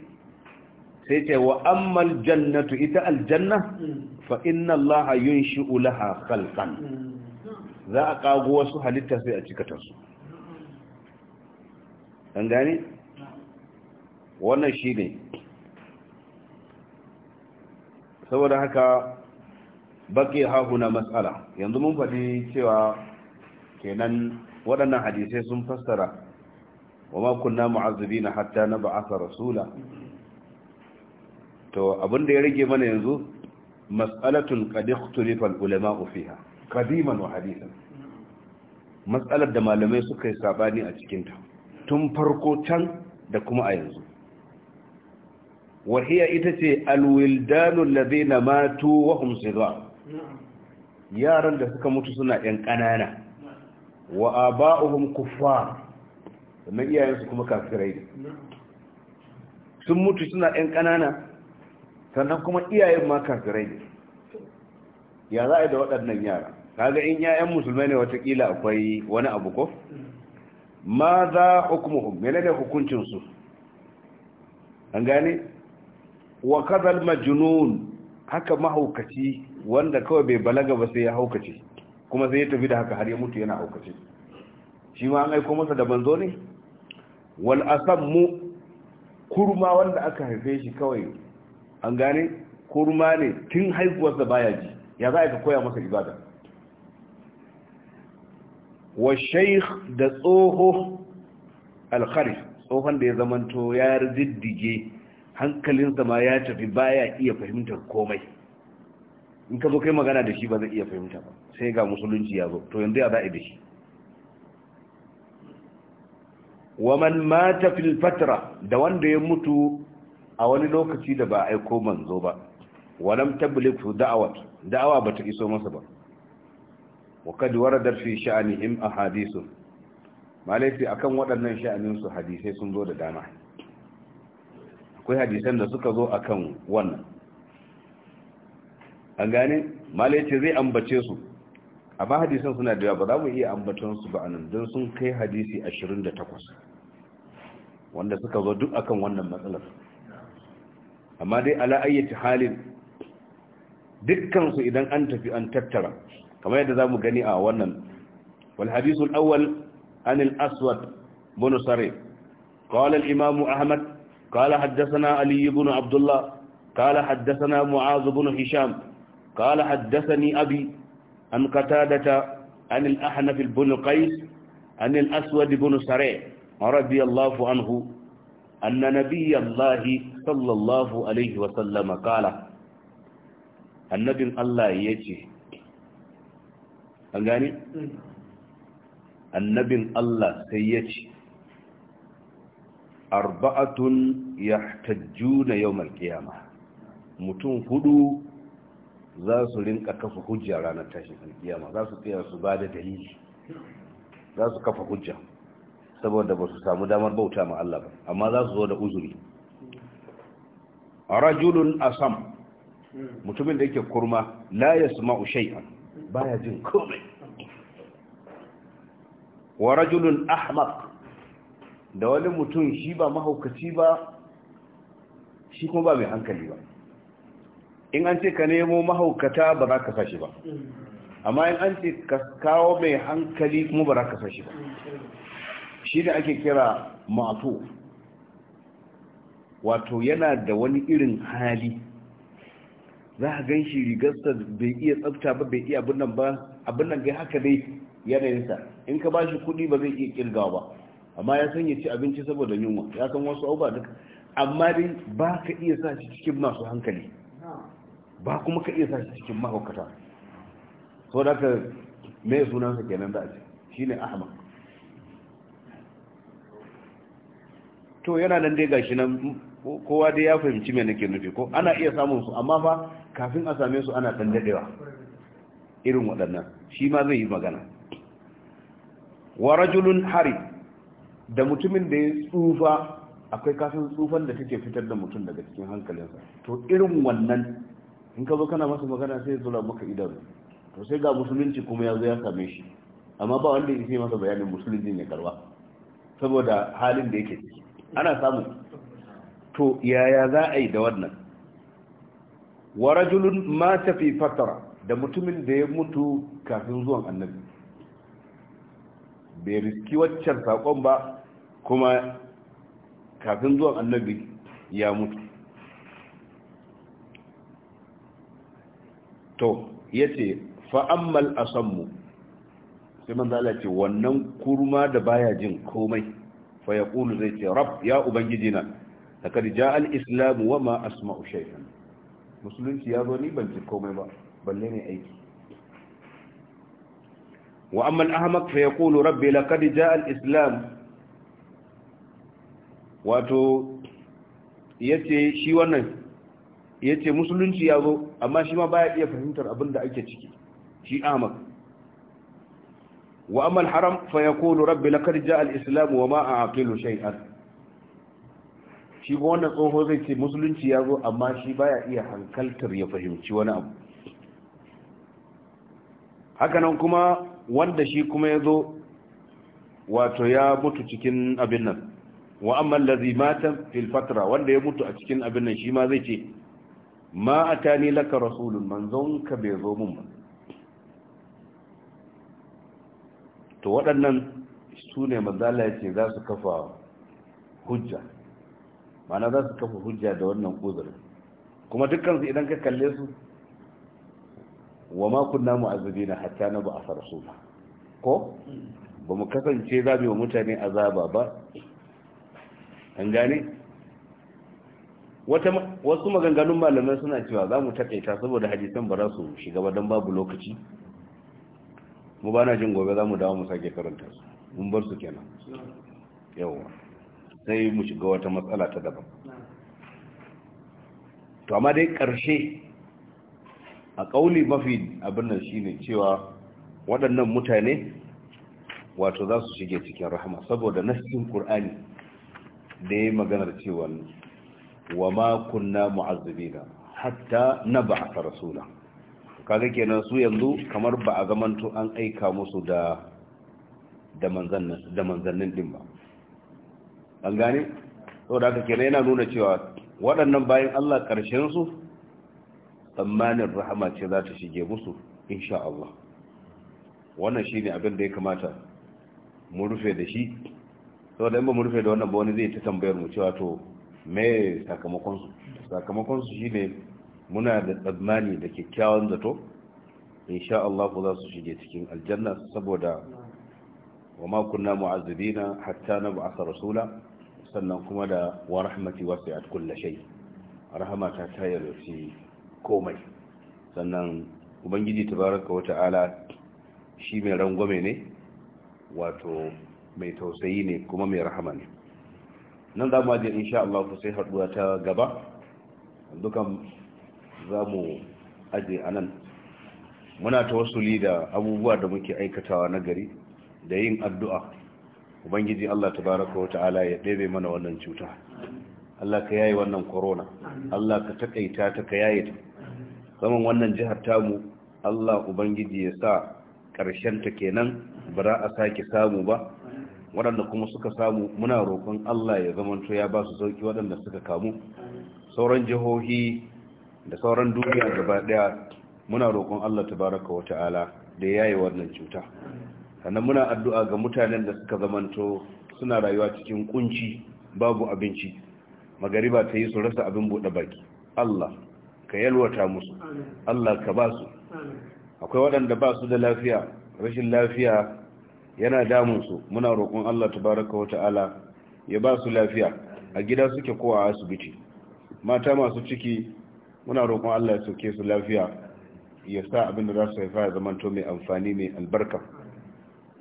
sai ce wa ammal jannatu ita aljanna fa inna Allah yunshi'u laha khalqan za a kago wasu halitta sai a cikata su an gani? wannan ne. saboda haka baƙi hahu na matsala. yanzu mun faɗi cewa kenan waɗannan hadisai sun fassara wa ma kunna na hatta na ba'asa rasula to abin da ya rage mana yanzu mas'alatul qad ikhtalafa al-ulama fiha qadiman wa hadithan mas'alar da malamai suka yi sabani a cikin ta tun farko can da kuma a yanzu wahiya ita ce alwildanu lazina matu wa hum sigar yaran da suka mutu suna yan ƙanana wa aba'uhum kuffar sannan iyayensu kuma kafirai ne sun mutu suna yan ƙanana sannan kuma iyayen ma kafirai ne ya za a yi da waɗannan yara kaga in 'ya'yan musulmai ne watakila akwai wani abu ko ma za hukumuhum mene ne hukuncinsu an gane wa kazal majnun haka mahaukaci wanda kawai bai balaga ba sai ya haukace kuma sai ya tafi da haka har ya mutu yana aukace shi ma an aiko masa da banzo ne wal asammu kurma wanda aka haife shi kawai an gane kurma ne tun haihuwarsa baya ji ya za ka koya masa ibada wa shaykh da tsoho alkharif tsohon da ya zamanto ya riddige hankalinsa ma ya tafi baya iya fahimtar komai in ka zo kai magana da shi ba zai iya fahimta ba sai ga musulunci ya zo to yanzu ya za'i da shi wa mata fil fatra da wanda ya mutu a wani lokaci da ba a aiko manzo ba wa lam tabligh da'awat da'awa ba ta iso masa ba wa kad warada fi sha'anihim ahadithu malaiti akan waɗannan sha'anin su hadisai sun zo da dama akwai hadisan da suka zo akan wannan an gane mala ya ce zai ambace su amma hadisan suna da yawa ba za mu iya ambaton su ba a nan don sun kai hadisi 28 wanda suka zo duk akan wannan matsalar amma dai ala ayyati halin dukkansu idan an tafi an tattara kamar yadda za mu gani a wannan wal hadisul awwal Anil aswad bin Sare, qala al ahmad qala haddathana ali ibn abdullah qala haddathana mu'az ibn hisham قال حدثني أبي عن قتادة عن الأحنف بن قيس عن الأسود بن سريع رضي الله عنه أن نبي الله صلى الله عليه وسلم قال النبي الله يجي أنجاني النبي الله سيجي أربعة يحتجون يوم القيامة متون na za su rinka kafa hujja ranar tashin alkiyama za su tsaya su ba da dalili za su kafa hujja saboda ba su samu damar bauta ma Allah ba amma za su zo da uzuri rajulun asam mutumin da yake kurma la yasma'u shay'an baya jin komai wa rajulun Ahmad, da wani mutum shi ba mahaukaci ba shi kuma ba mai hankali ba in an ce ka nemo mahaukata ba za ka fashi ba amma in an ce ka kawo mai hankali kuma ba za ka fashi ba shi da ake kira mato wato yana da wani irin hali za a gan shi rigarsa bai iya tsafta ba bai iya abin nan ba abin nan gai haka dai yanayinsa in ka bashi kuɗi ba zai iya kirgawa ba amma ya san ya ci abinci saboda yunwa ya san wasu abubuwa duka, amma dai ba ka iya sa shi cikin masu hankali ba kuma ka iya sashi cikin mahaukata so da ka mai sunansa kenan da ake shi ne ahmad to yana nan dai gashi nan kowa dai ya fahimci mai nake nufi ko ana iya samun su amma fa kafin a same su ana dan dadewa irin waɗannan shi ma zai yi magana Warajulun hari da mutumin da ya tsufa akwai kafin tsufan da take fitar da mutum daga cikin hankalinsa to irin wannan in ka zo kana masa magana sai ya zura maka idanu to sai ga musulunci kuma ya zo ya same shi amma ba wanda ya masa bayanin musulunci ne karba saboda halin da yake ciki ana samu to yaya za a yi da wannan wa rajulun ta fi fatara da mutumin da ya mutu kafin zuwan annabi bai riski waccan sakon ba kuma kafin zuwan annabi ya mutu to yace fa ammal asammu sai man Allah ce wannan kurma da baya jin komai fa ya kulu zai ce rab ya ubangiji na da jaa al-islam wa ma asma'u shay'an musulunci ya zo ni ban ji komai ba balle ne aiki wa Ammal al-ahmaq fa yaqulu rabbi laqad jaa al-islam wato yace shi wannan yace musulunci ya zo amma shi ma baya iya fahimtar abin da ake ciki shi ahmad wa amal haram fa yaqulu rabbi laqad jaa al-islam wa ma a'qilu shay'an shi ba wannan tsoho zai ce musulunci ya zo amma shi baya iya hankaltar ya fahimci wani abu hakanan kuma wanda shi kuma ya zo wato ya mutu cikin abin nan wa amal allazi mata fil wanda ya mutu a cikin abin nan shi ma zai ce ma atani laka rasulun manzon ka bai zo mun ba to waɗannan su ne manzala ya ce za su kafa hujja mana za su kafa hujja da wannan uzurin kuma dukansu idan ka kalle su wa ma kunna mu'azzibina hatta na ba a ba, ko ba mu kasance zabi wa mutane azaba ba an gane wasu maganganun malamai suna cewa za mu takaita saboda hadisan ba za su shiga ba don babu lokaci mu ba na jin gobe za mu dawo mu sake karanta su mun bar su kenan yawa sai mu shiga wata matsala ta daban to amma dai ƙarshe a kauli mafi abin nan shine cewa waɗannan mutane wato za su shige cikin rahama saboda nassin ƙur'ani da ya maganar cewa wa ma kunna mu'azzibina hatta nab'atha rasula kaga kenan su yanzu kamar ba a zamanto an aika musu da da manzannin da manzannin din ba an gane saboda haka kenan yana nuna cewa waɗannan bayan Allah ƙarshen su tsammanin rahama ce za ta shige musu insha Allah wannan shine abin da ya kamata mu rufe da shi saboda in ba mu rufe da wannan ba wani zai ta tambayar mu cewa to me sakamakonsu sakamakonsu shi ne muna da tsammani da kyakkyawan zato insha Allah ku za su shige cikin aljanna saboda wa ma na hatta na ba'asa rasula sannan kuma da wa rahmati wasi'at kulli shay rahmata ta yarfi komai sannan ubangiji tabaraka wa ta'ala shi mai rangwame ne wato mai tausayi ne kuma mai rahama ne nan za mu ajiye insha Allah ku sai haɗuwa ta gaba dukan za mu ajiye a nan muna ta wasu da abubuwa da muke aikatawa na gari da yin addu'a ubangiji Allah baraka wa ta'ala ya ɗebe mana wannan cuta Allah ka yayi wannan corona Allah ka taƙaita ta ka yayi ta zaman wannan jihar tamu Allah ubangiji ya sa ƙarshen ta kenan ba za a sake samu ba waɗanda kuma suka samu muna roƙon Allah ya zamanto ya ba su sauki waɗanda suka kamu sauran jihohi da sauran duniya gaba ɗaya muna roƙon Allah tabaraka wa ta'ala da ya yi wannan cuta sannan muna addu'a ga mutanen da suka zamanto suna rayuwa cikin kunci babu abinci magariba ta yi su rasa abin buɗe baki Allah ka yalwata musu Allah ka ba su akwai waɗanda ba su da lafiya rashin lafiya yana damun su muna roƙon Allah tabaraka wa ta'ala ya ba su lafiya a gida suke ko a asibiti mata masu ciki muna roƙon Allah ya sauke su lafiya ya sa abin da za su haifa ya zamanto mai amfani mai albarka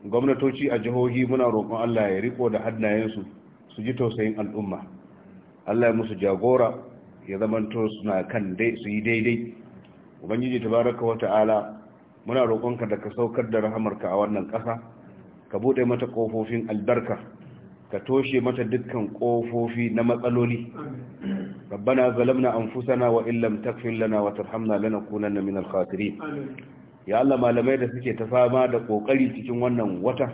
gwamnatoci a jihohi muna roƙon Allah ya riko da hannayensu su ji tausayin al'umma Allah ya musu jagora ya zamanto suna kan dai su yi daidai ubangiji tabaraka wa ta'ala muna roƙonka da ka saukar da rahamarka a wannan ƙasa ka buɗe mata ƙofofin albarka ka toshe mata dukkan ƙofofi na matsaloli rabbana zalamna anfusana wa illam taghfir lana wa tarhamna lanakunanna minal khatirin ya Allah malamai da suke ta fama da kokari cikin wannan wata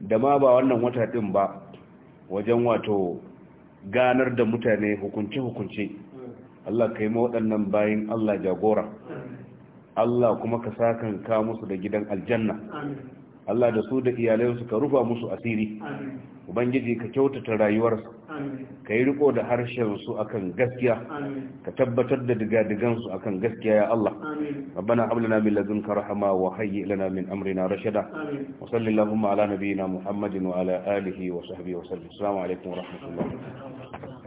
da ma ba wannan wata din ba wajen wato ganar da mutane hukunce hukunci Allah ka yi waɗannan bayin Allah jagora Allah kuma ka sakan ka musu da gidan aljanna Allah da su da iyalansu ka rufa musu asiri ubangiji ka kyautata rayuwarsu ka yi riko da harshensu akan gaskiya ka tabbatar da digadigansu akan gaskiya ya Allah rabbana hab lana min ladunka rahama wa hayyi lana min amrina rashada wa sallallahu ala nabiyyina muhammadin wa ala alihi wa sahbihi wa sallam assalamu alaikum wa rahmatullahi